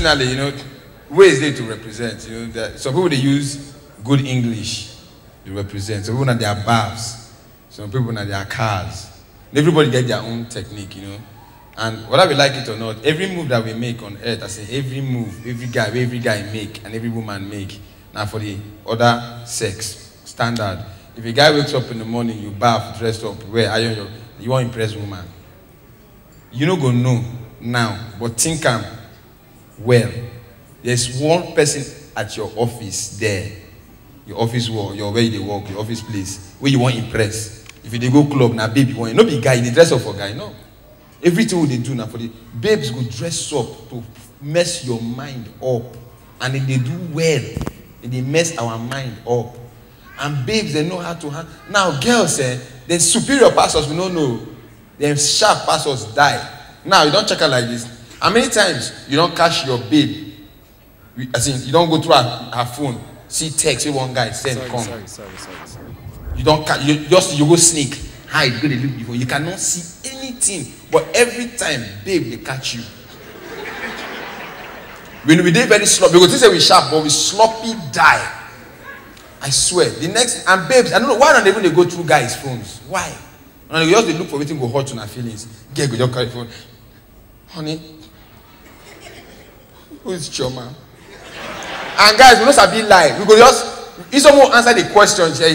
personally, you know, ways they to represent. You know, that some people they use good English to represent. Some people na their baths. Some people na their cars. Everybody get their own technique, you know. And whether we like it or not, every move that we make on earth, I say every move, every guy, every guy make and every woman make. Now for the other sex standard. If a guy wakes up in the morning, you bath, dressed up, wear iron your, you want impress woman. You no go know now, but think am well. There's one person at your office there, your office wall, your where you work, your office place, where you want impress. If you dey go club, na babe you want. No be guy, you dey dress up for guy, no. Everything we dey do na for the babes go dress up to mess your mind up. And if they do well, if they mess our mind up. And babes, they know how to handle. Now, girls, eh, the superior pastors, we no know. Them sharp pastors die. Now, you don't check her like this how many times you don catch your babe as in you don go through her her phone see text wey one guy send sorry, come sorry, sorry, sorry, sorry. you don catch you just you go sneak hide go dey look before. you cannot see anything but every time babe dey catch you when we dey very sloppy we go think say we sharp but we sloppy die i swear the next and babes i no know why una dey even dey go through guys phones why una dey just dey look for wetin go hurt una feelings girl go just carry phone honey who is chioma and guys we no sabi lie we go just if someone answer the question say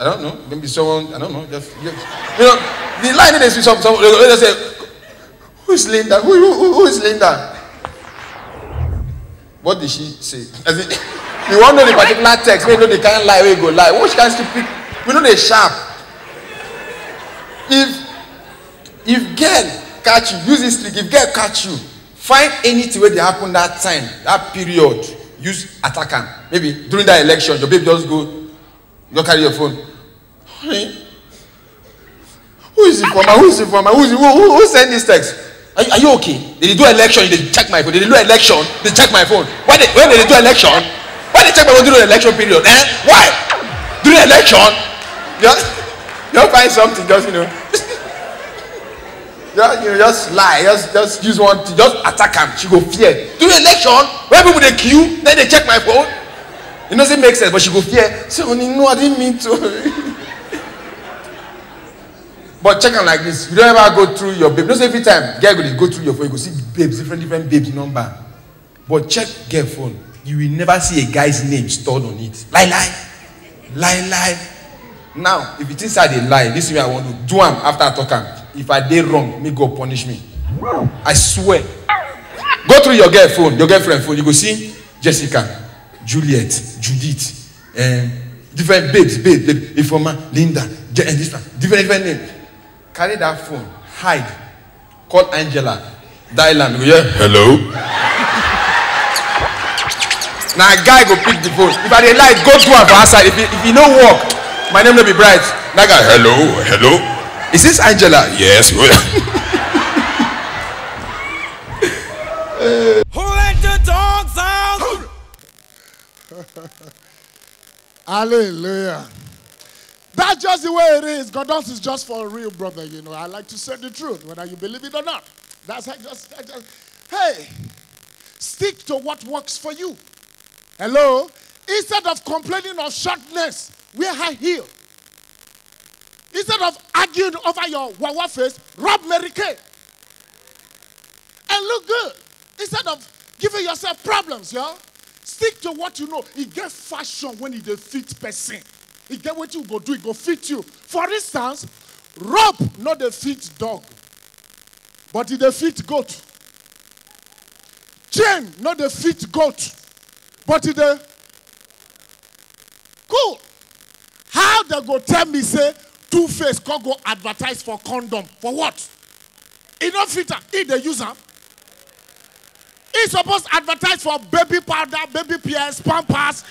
i don't know maybe someone i don't know just, you know the line no dey sweet some some they go just say who is linda who who who is linda what did she say as in you wan know the particular text wey you know the kind lie wey you go lie which kind stupid we no dey sharp if if girl catch you use this trick if girl catch you find anything wey dey happen that time that period use attack am maybe during that election your babe just go you carry your phone honey who is the former who is the former who is the who who, who send this text are, are you okay they dey do election they dey check my phone they dey do election they check my phone why they when they dey do election why they check my phone during election period eh why during election just just find something just you know just you know just lie just just use one thing just attack am she go fear during election when people dey queue then dey check my phone you know say make sense but she go fear say oni no i didn't mean to but check am like this you don ever go through your babe you know say every time girl go dey go through your phone you go see babes different different babes number but check girl phone you will never see a guy's name stored on it lie lie lie lie now if you think say i dey lie this way i wan do do am after i talk am if i dey wrong make god punish me i swear go through your girl phone your girlfriend phone you go see jessica juliet judith um, different babes babe babe ifeoma linda je and eh, this one different different name carry that phone hide call angela dial am you hear hello na guy go pick the phone if i dey lie go do am for outside if e if e no work my name no be bright that guy hello hello Is this Angela? Yes. Who let the dogs out? Hallelujah. That's just the way it is. God is just for a real brother, you know. I like to say the truth, whether you believe it or not. That's I just, I just hey, stick to what works for you. Hello? Instead of complaining of shortness, we are healed. Instead of arguing over your wawa face, rob Mary Kay. And look good. Instead of giving yourself problems, yeah? Stick to what you know. It gets fashion when it fit person. It get what you go do, it go fit you. For instance, rob not the fit dog, but it fit goat. Chain not the fit goat, but it a cool. How they go tell me say Two Face can go advertise for condom. For what? Enough fitter. fit the user. dey supposed am. advertise for baby powder, baby pears, pampers.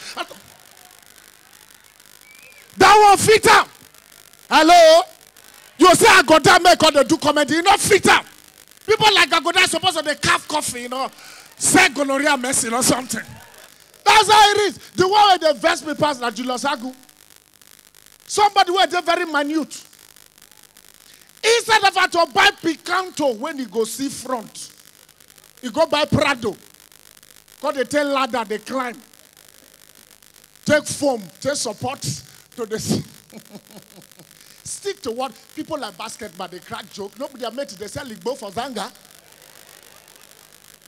That one fit Hello? You say Agoda make all the do comedy. Enough fitter. People like Agoda suppose to dey carve coffee, you know, say gonorrhea messing or something. That's how it is. The one with the vest, me pass na Julius Agu. Somebody were they very minute. Instead of to buy Picanto when he go see front, he go buy Prado. Because they tell ladder, they climb. Take foam, take support to this. Stick to what people like basketball, they crack joke. Nobody admit it. they sell Igbo for Zanga.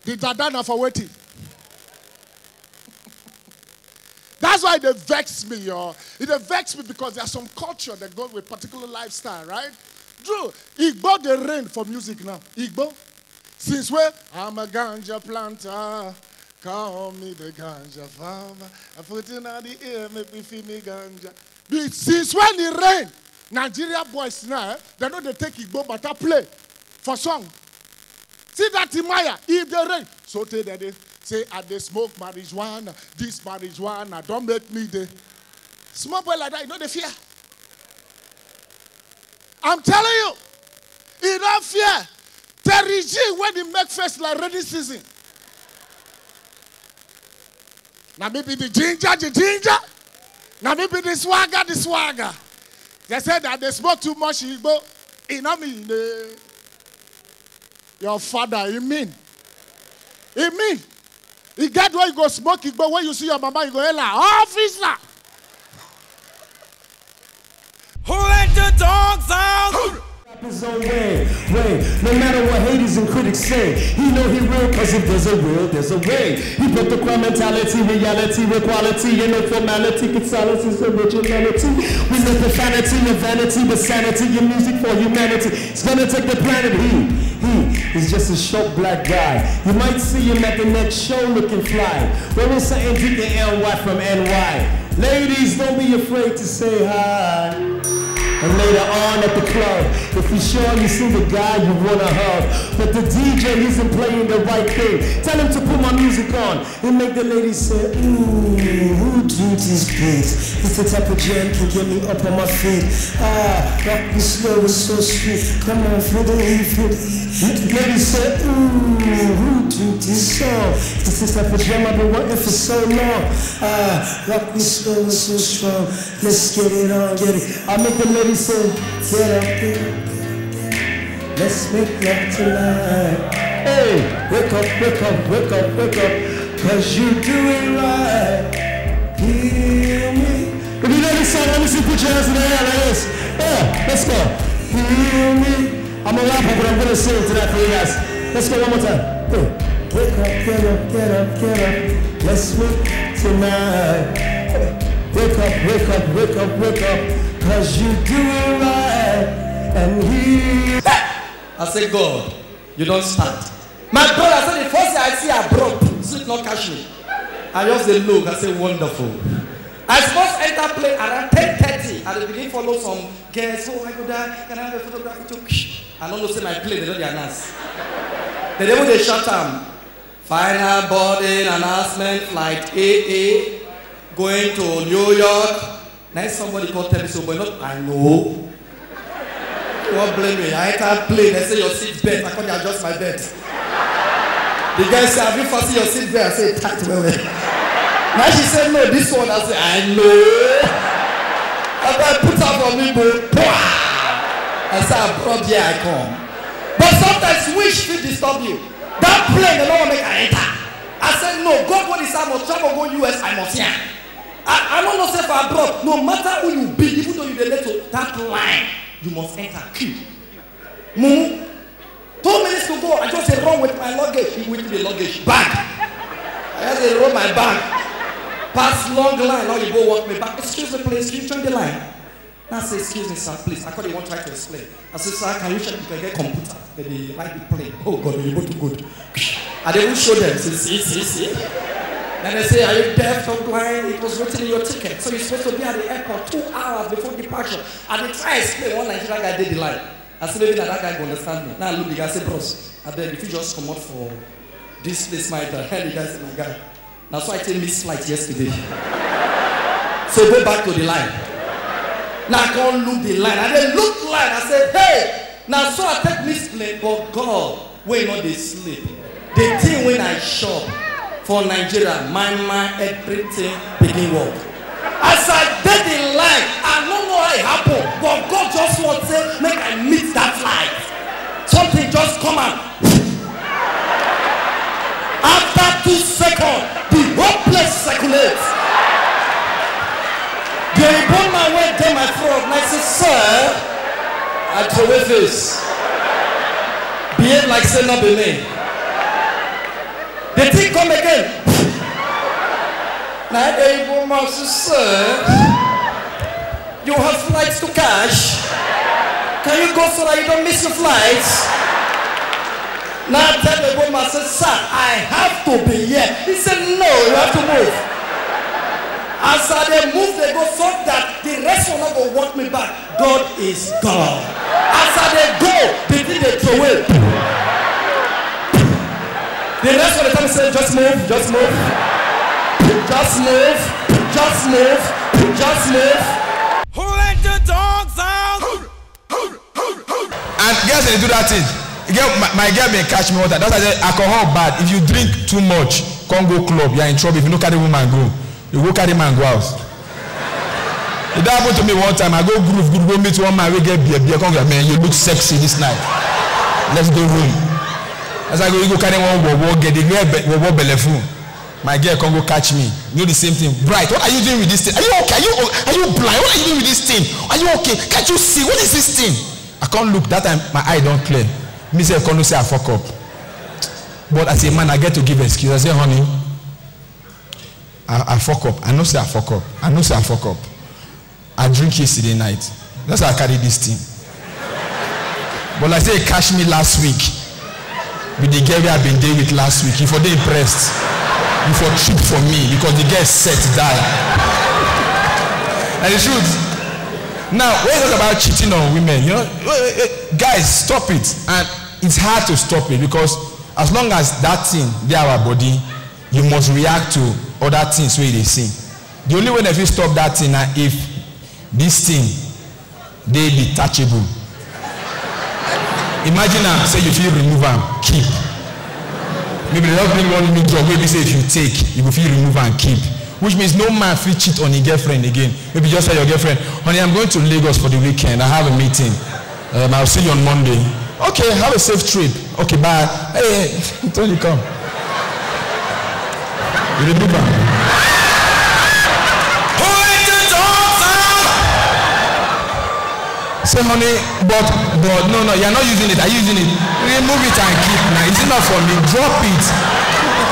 The Dadana for waiting. That's why they vex me, y'all. It vex me because there's some culture that goes with particular lifestyle, right? Drew, Igbo they rain for music now. Igbo. Since where? I'm a ganja planter. Call me the ganja farmer. I put in out the ear, make me feel me ganja. But since when it rain, Nigeria boys now, eh, they know they take Igbo but I play for song. See that Timaya, if they rain, so take that. Say, I they smoke marijuana, this marijuana, don't make me the small boy like that, you know the fear. I'm telling you, he don't fear. The regime when he make face like rainy season. Now maybe the ginger, the ginger. Now maybe the swagger, the swagger. They said that they smoke too much go You know me, your father, you mean? You mean? He get where you go smoke but when you see your mama you go hail her Who let the dogs out. His own way, way. No matter what haters and critics say, he know he real, cause if there's a will, there's a way. He put the crime mentality, reality, with quality, and no formality, could silence his originality. We live profanity, no vanity, but sanity, your music for humanity. It's gonna take the planet, he, he is just a short black guy. You might see him at the next show looking fly. Wearing something deep to NY from NY. Ladies, don't be afraid to say hi. And later on at the club, if you are sure you see the guy you wanna hug, but the DJ isn't playing the right thing, tell him to put my music on and make the ladies say, ooh, who do this beats? It's the type of jam can get me up on my feet. Ah, rock me slow is so sweet. Come on, feel the heat, feel the heat. Ladies say, ooh, who do this song? It's the type of jam I've been wanting for so long. Ah, rock me slow is so strong. Let's get it on, get it. I make the ladies Let's make love tonight Hey, wake up, wake up, wake up, wake up Cause you you're doing right Hear me If you know this song, let me see put your hands in the air like this Yeah, let's go Hear me I'm a rapper, but I'm gonna sing it tonight for you guys Let's go one more time hey, Wake up, get up, get up, get up Let's make tonight Wake up, wake up, wake up, wake up Cause you do it right and he I say God, you don't start. My brother said the first thing I see I broke. Sleep not catch me. I just say look, I say wonderful. I suppose enter play around 10:30 and they begin follow some girls. Oh my God, can I have a photograph with you? I don't know say my play, they don't announce. The devil they shut down. Final boarding announcement flight AA going to New York Now somebody called tell me so, oh, but not I know. What blame me? I can't plane. They say your seat bent. I can't adjust my bed. The guy said, Have you fastened your seat belt? I said, Tight well. well. now she said, No, this one. I said, I know. After I put out on me, boy, I said, From here I come. But sometimes wish to disturb you. That plane, the Lord make I enter. I said, No, God, what is I must travel go US, I must here. I, I no know say for abroad no matter who you be even though you dey late to that line you must enter queue mumu two minutes to go I just dey run with my luggage with the luggage bag I just dey roll my bag pass long line All you go walk me back excuse me please you join the line na say excuse me sir please I call the one try to explain I say sir can you check if I get computer then they like the plane oh God oyibo too good I dey even show them See, see see see. And they say, Are you deaf or blind? It was written in your ticket. So you're supposed to be at the airport two hours before departure. And they try to explain one Nigerian guy did the line. I said, Maybe that, that guy will understand me. Now I look the guy, I say, Bros, I beg if you just come out for this place, my turn." And the guy said, My guy. Now, so I take this flight yesterday. so go back to the line. Now I can't look the line. I then look line. I said, Hey, now so I take this plane, but God, when not they sleep. The thing when I shop for nigeria my my everything begin work as i dey the line. i no know how e happen but god just want say make i meet that light something just come out after two seconds the whole place circulate the oyibo man wey dey my front na say sir i throway face behave like say no be me. The thing come again. now the evil master said, you have flights to catch. Can you go so that you don't miss your flights? Now tell the evil master, sir, I have to be here. He said, no, you have to move. As I they move, they go so that the rest will not go walk me back. God is God. As I they go, they did it to it. The rest of the time say, just move, just move. Just move, just move, just move. Who let the dogs out? And guess they do that thing. Girl, my, my girl may catch me water. That's why I said alcohol bad. If you drink too much, come go club. You are in trouble. If you no carry woman go, you go carry man go out. It happened to me one time. I go groove, groove, go meet one man. We get beer, beer. Come here, man. You look sexy this night. Let's go home as i go you go carry one bobo get the girl bobo belle my girl can go catch me you know the same thing bright what are you doing with this thing are you okay are you are you blind what are you doing with this thing are you okay can't you see what is this thing i can't look that time my eye don't clear me sef can't say i fuck up but as a man i get to give excuse i say honey i i up i know say i fuck up i know say i fuck up i drink yesterday night that's how i carry this thing but I say catch me last week with the girl wey i been dey with last week you for dey impressed you for cheap for me because the girl set die and the truth now when you talk about cheating on women you know eh, eh, guys stop it and it's hard to stop it because as long as that thing dey our body you must react to other things wey you dey see the only way dem fit stop that thing na if this thing dey detachable imagine am say you fit remove am keep maybe the doctor warn me drug wey be say if you take you go fit remove am keep which means no man fit cheat on im girlfriend again maybe just tell your girlfriend honey i'm going to lagos for the weekend i have a meeting um, i'll see you on monday okay have a safe trip okay bye hey, hey you come you remove am. say money, but but no no you are not using it are you using it remove it and keep na it's not for me drop it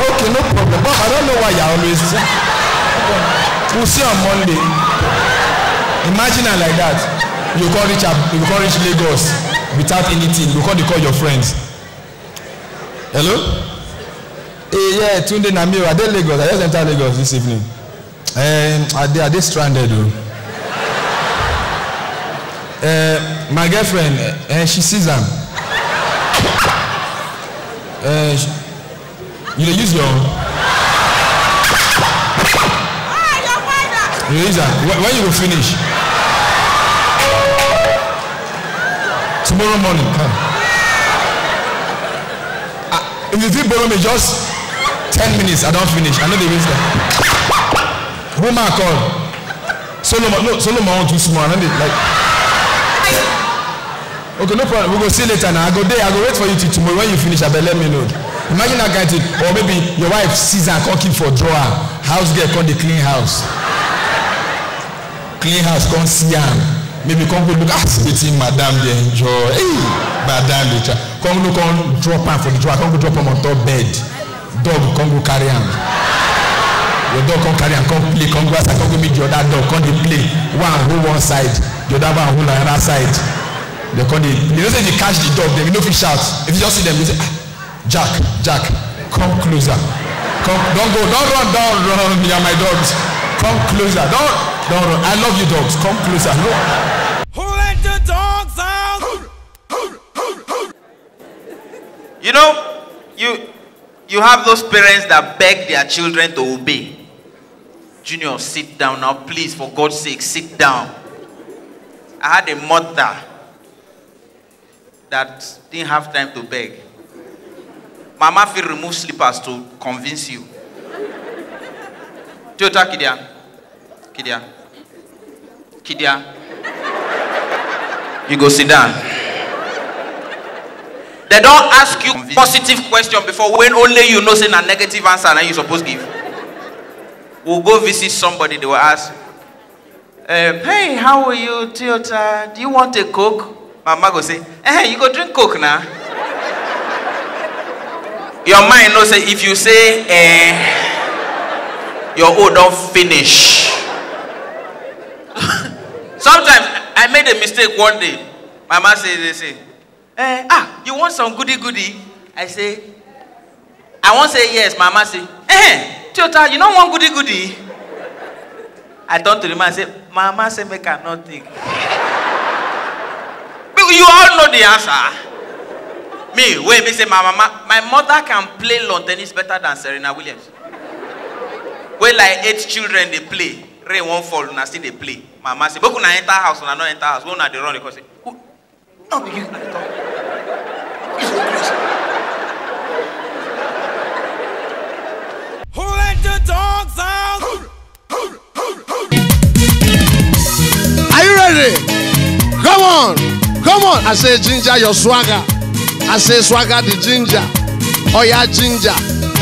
okay no problem but i don't know why you are always we'll see on monday imagine am like that you go reach ab you go reach lagos without anything you go dey call your friends hello eh yeah tunde na me o i dey lagos i just enter lagos this evening um, i dey i dey stranded o. Oh. Uh, my girlfriend, uh, she sees them. Uh, eh, she, you dey use your. Ah, you dey use am when, you go finish. Tomorrow morning come. Uh, if you fit borrow me just ten minutes I don finish I no dey waste time. Woman call Solomon no Solomon wan too small I no dey like. Okay, no problem. We go see later now. I go there. I go wait for you till tomorrow. When you finish, I beg let me know. Imagine that guy thing. Or maybe your wife sees her cooking for drawer. House girl come dey clean house. clean house come see am. Maybe come go look at ah, wetin madam dey enjoy. Hey, madam dey try. Come look, come drop am for the drawer. Come go drop am on top bed. Dog come go carry am. Your dog come carry am come play come go outside come go meet the other dog come dey play. One hold one side, the other one hold another side. they come dey you know say if you catch the dog they you no fish shout if you just see them, you say ah jack jack come closer come don't go don't run don't run you are my dogs come closer don't run i love you dogs come closer no. who let the dogs out. you know you you have those parents that beg their children to obey junior sit down now please for god's sake sit down i had a mother that didn't have time to beg. Mama feel remove slippers to convince you. Toyota Kidia. Kidia. Kidia. You go sit down. They don't ask you positive question before when only you know saying a negative answer and you supposed to give. We'll go visit somebody, they will ask, um, hey, how are you, Toyota? Do you want a Coke? My mama go say, eh, you go drink coke now. your mind knows say if you say eh, your own don't finish. Sometimes I made a mistake one day. My mama say, they say, eh, ah, you want some goody goody? I say, I won't say yes. Mama say, eh, Tiota, you don't want goody goody? I turn to the man and say, Mama say, make her not take you you all know the answer. Me, wait, me say my mama, my mother can play lawn tennis better than Serena Williams. Where like eight children they play, rain won't fall, and still they play. mama say, "Boku na enter house, na no enter house. Go na they run because say, who? No, you. Who let the dogs out? Are you ready? Come on. Come on. I say, Ginger, your swagger. I say, swagger the ginger. Oh, yeah, ginger.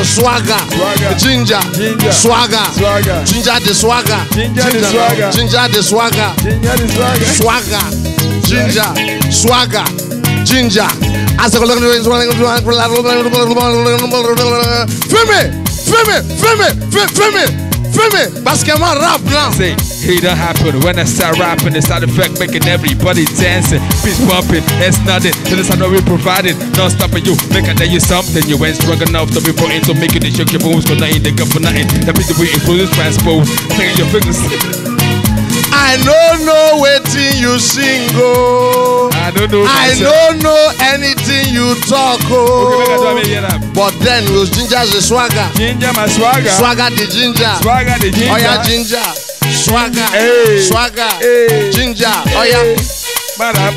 Swagger. swagger, ginger, ginger. Swagger. swagger, ginger the swagger, ginger the swagger, ginger the swagger, ginger the swagger, ginger, swagger, ginger. As I look at you, Femi, Femi, Femi, Femi, Femi, parce que moi rap là. See that happen when I start rapping. It's side effect making everybody dancing. beats bumping, it's nothing. Till the sound we providing. Non stopping you, making that you something. You ain't strong enough to be put into making it shake your bones. Cause I ain't the for nothing. That means the way it's transpose. Taking your fingers. I don't know wetin you sing don't know. I don't know anything you talk oh. Okay, but then you ginger the swagger. Ginger my swagger. Swagger the ginger. Swagger the ginger. Oh, yeah, ginger swagger, hey. swagger, hey. ginger, hey. oh yeah. Hey,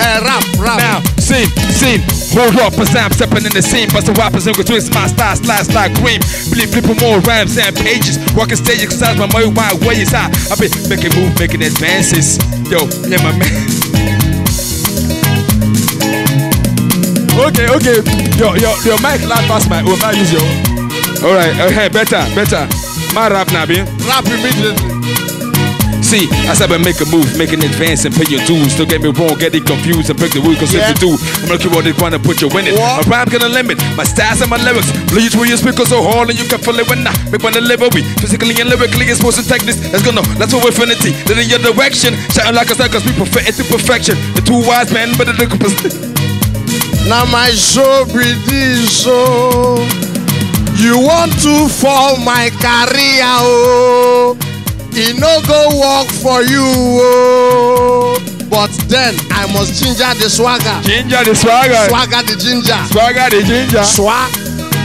eh, rap, rap. Now, sing, sing. Hold up as I'm stepping in the scene. Busting rappers and go twist my style, slice like cream. Bleep, bleep, more rhymes and pages. Walking stage, exercise my mind, my way is high. I be making moves, making advances. Yo, yeah, my man. Okay, okay. Yo, yo, yo, mic, not pass my own. I use your. Alright, okay, better, better. My rap, Nabi. Rap immediately. See, I said I make a move, making an advance and pay your dues. Don't get me wrong, getting confused and break the rules, cause yeah. if you do, I'm gonna keep on trying to put you in it. What? My rap's gonna limit, my styles and my lyrics. Bleach where you speak so hard and you can feel it when I make my delivery. Physically and lyrically, it's supposed to take this. That's gonna, that's for infinity. Then in your direction, shouting like a star, cause we perfect to perfection. The two wise men, but the Now my show, this show. You want to fall my career, oh. E no go work for you, oh. But then I must ginger the swagger. Ginger the swagger. Swagger the ginger. Swagger the ginger. Swa.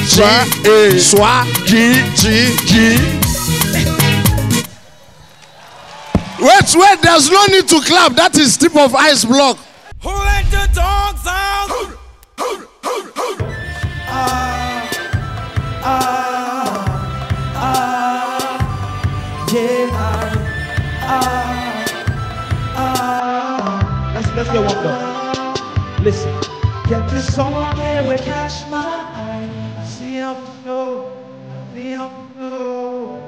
G. A. Swa. G. G. G. Wait, wait, there's no need to clap. That is tip of ice block. Who let the dogs out? J I R R. Let's let's get one more. Listen. Get this song and we catch my eye. See I'm flow, see I'm flow.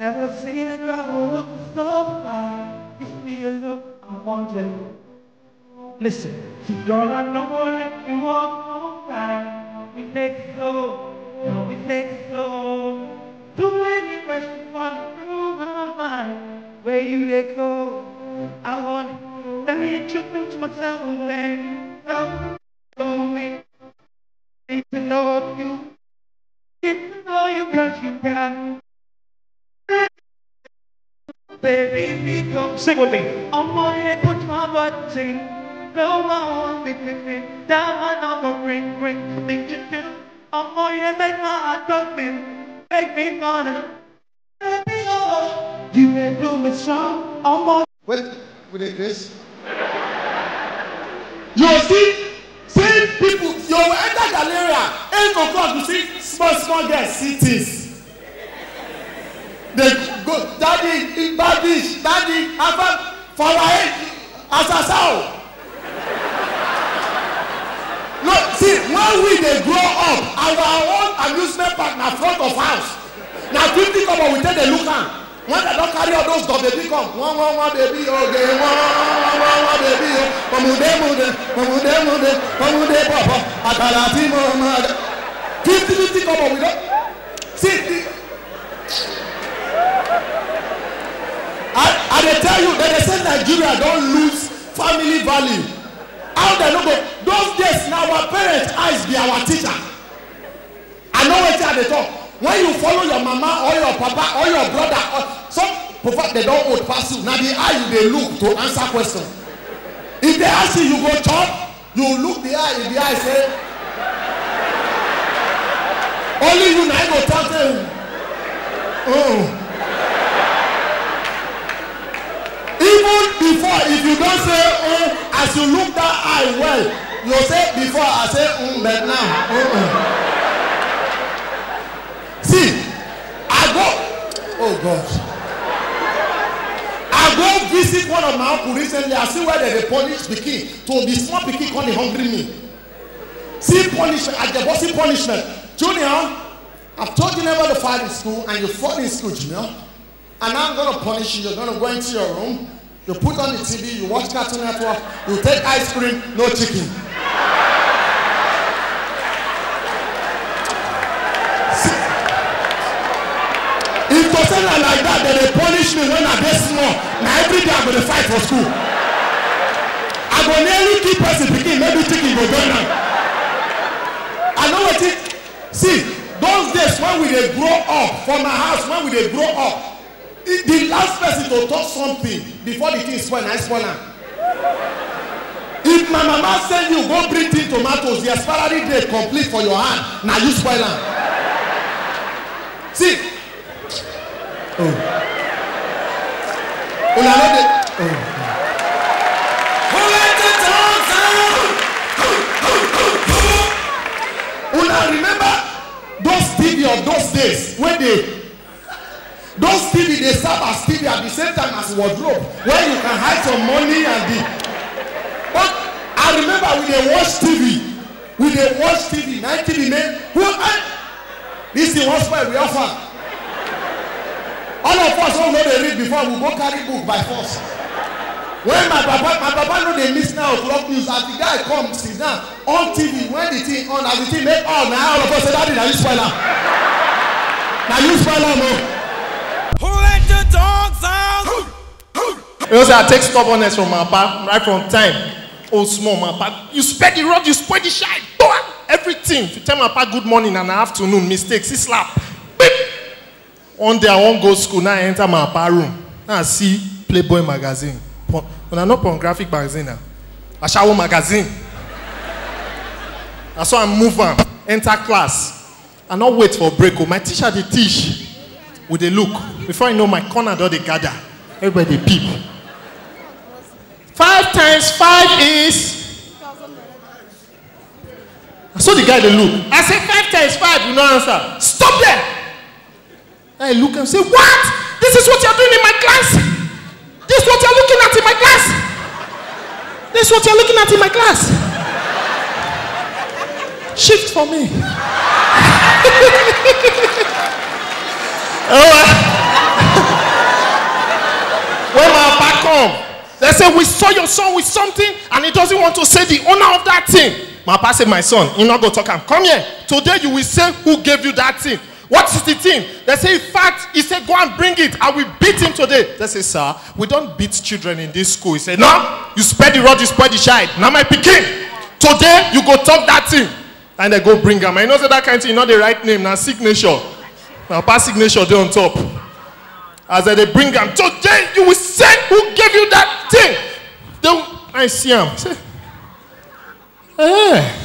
Never seen a girl look so fine. Give me a look, I want it. Listen, girl, I know that you walk alright. We take slow, no, we take slow. Too many questions want to move on where you let go. I want to reintroduce myself and I'm lonely. Need to know you. Get to know you cause you got Baby, come sing with me. I'm on put my button. No one with me. Down my number, ring, ring. Think you do. I'm on make my heart open. Make me wanna. Dire du méchant en mode. Wait, with a grace. You see, see people, you will enter Galleria, 8 o'clock, you see small, small girls, cities. They go, daddy, in babish, daddy, abba, for my head, asasao. No, see, when we they grow up, our own amusement park na front of house. Na 50 kobo we take dey look am when dem don carry all those baby come one one one baby oge one one one one baby o pọmude mude pọmude mude pọmude pọpọ àkàrà tí mo máa dẹ fifty fifty kọ́bọ̀ we don sixty. I, I dey tell you dem dey say Nigeria don lose family value how dem no go those days na our parents eyes be our teacher I know wetin I dey talk when you follow your mama or your papa or your brother or some prefer they don old pass you na the eye you dey look to answer question if they ask you you go chop you look the eye if the eye say only you na go talk to him oh. even before if you don say oh as you look that eye well you say before i say mm, but now. Mm See, I go. Oh God. I go visit one of my uncle recently. I see where they dey punish pikin. To be small pikin come dey hungry me. See punishment. I dey see punishment. Junior, I've told you never to fight in school and you fought in school, Junior. And now I'm gonna punish you. You're gonna go into your room. You put on the TV. You watch Cartoon Network. You take ice cream, no chicken. person like that dem dey punish me when i dey small na everyday i go dey fight for school i go nearly kill person pikin maybe chicken go join am i know wetin see those days when we dey grow up for my house when we dey grow up e, the last person to talk something before the thing spoil na spoil am if my mama send you go bring tin tomatoes the expiry date complete for your hand na you spoil am see Oh, Oh, oh, una no dey. Oh. una remember those tv of those days when they, those tv they serve as tv at the same time as wardrobe where you can hide some money and the but i remember we dey watch tv we dey watch tv na tv make who eh this thing wan spoil we offer all of us wey no dey read before we go carry book by force when my papa my papa no dey miss nine o'clock news as the guy come sit down on tv when the thing on as the thing make all na all of us say daddy na you spoil am na you spoil am o. Oh. who let the dogs out. you know say i take stubbornness from my papa right from time old oh, small my papa you spread the rug, you spoil the shine everything if you tell my papa good morning and afternoon mistakes he slap beep one day i wan go school now i enter my papa room now i see playboy magazine porn una no pornographic magazine na asawo magazine na so i move am enter class i no wait for break o oh. my teacher dey teach we dey look before you know my corner don dey gather everybody dey peep five times five is na so the guy dey look i say five times five you no answer stop there I look and say, What? This is what you're doing in my class? This is what you're looking at in my class? This is what you're looking at in my class? Shift for me. oh, uh, when my back home, they say, We saw your son with something, and he doesn't want to say the owner of that thing. My papa said, My son, you're not going to talk. Him. Come here. Today you will say who gave you that thing. What is the thing? They say, in fact, he said, go and bring it. I will beat him today. They say, sir, we don't beat children in this school. He said, no, you spare the rod, you spare the child. Now my picking. Today, you go talk that thing. And they go bring him. I know that kind of thing, Not the right name, now signature. Now pass signature They on top. As they bring him, today you will say who gave you that thing. Then I see him. Say, eh,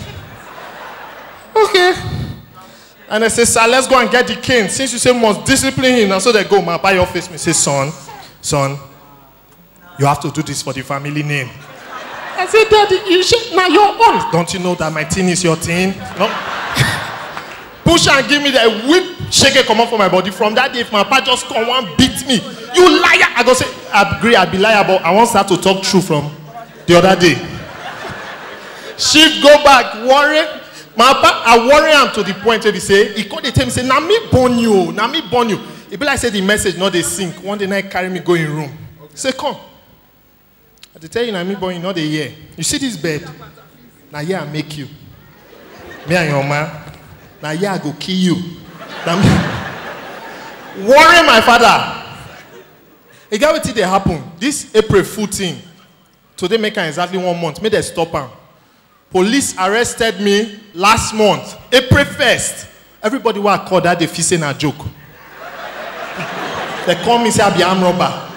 okay. And I say, sir, let's go and get the cane. Since you say must discipline him. And so they go, My by your face. Me say, son, son, you have to do this for the family name. I say, daddy, you should, now your own. Don't you know that my thing is your thing? No. Push and give me that whip, shake it, come out for my body. From that day, if my pa just come and beat me, you liar. I go say, I agree, I be liar, but I want start to talk true from the other day. she go back, worry, My papa, I worry him to the point where he say, he called the tell me, say, na me born you, na me born you. It be like say the message, not they sink. One day night carry me go in room. Okay. Say, come. I tell you, na me born you, not the hear. You see this bed? Na here I make you. Me and your man. Na here I go kill you. Na me. worry my father. E get wetin dey happen. This April full thing, today make am exactly one month. Make dem stop am police arrested me last month april 1st everybody wey i call that day feel say na joke they call me say i be armed robber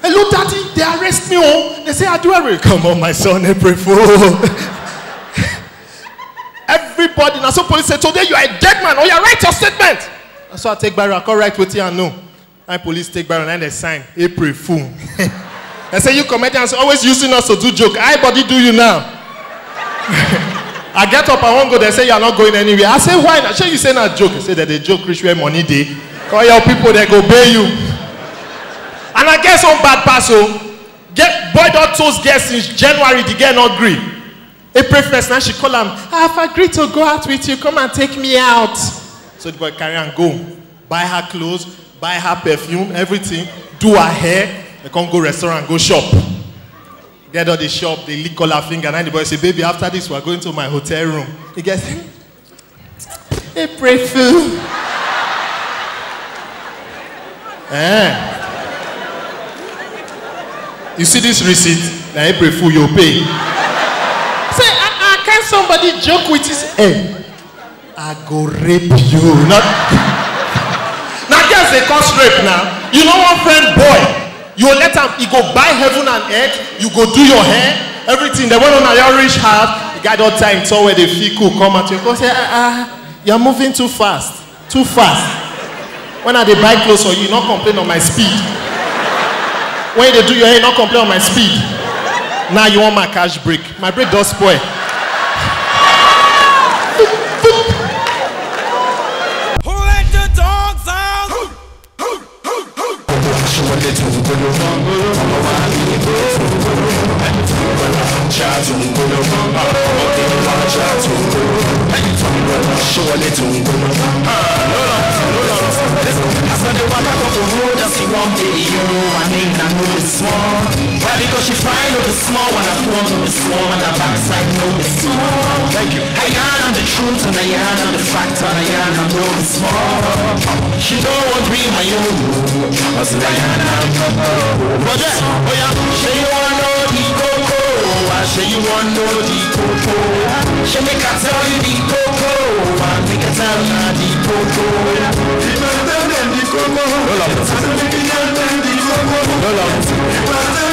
hello daddy they arrest me oh they say aduere come on my son april fool everybody na so police say today you are a dead man oya oh, yeah, write your statement na so i take barrow i come write wetin i know nine police take barrow nine dey sign april fool they say you comedians always using us to do joke i body do you now I get up, I won't go. there. say, You're not going anywhere. I say, Why not? Sure, you say, Not joke. I say, That they joke, rich where money day. Call your people, they go pay you. And I get some bad parcel. Oh. Get boy dot toast get since January, the girl not agree. April 1st, now she call him, ah, I've agreed to go out with you. Come and take me out. So the boy carry and go. Buy her clothes, buy her perfume, everything. Do her hair. They can't go restaurant, go shop. get out the shop, they lick all her finger. And the boy say, baby, after this, we're going to my hotel room. He gets, hey, pray for. eh. You see this receipt? Now, pray for you pay. say, uh-uh, can somebody joke with his head? I go rape you. Not... now, guess they cause rape now. You know one friend, boy. You let him, You go buy heaven and earth, you go do your hair, everything. The one on at your rich house, the guy don't time so where the fee could come at you. Go say, ah, ah, you're moving too fast, too fast. When are they buy clothes for you, not complain on my speed. When they do your hair, not complain on my speed. Now you want my cash break. My break does spoil. Sangbolo Sangbolo ọmọ wa tó ń tó ń gbọ́dọ̀ tó ń tó ń gbọ́dọ̀ ṣọwọlé tó ń gbọ́dọ̀. Small, why? Because she find out the small one, I want the small one, I backside know the small. Thank you. I am the truth and I am the fact and I am no small. She don't want me my own. I am Roger, oh yeah. She you want no the coco. I say you want no the coco. She make her tell you the coco. I make her tell you the coco. She better tell you the coco. No love. tell the coco. No love.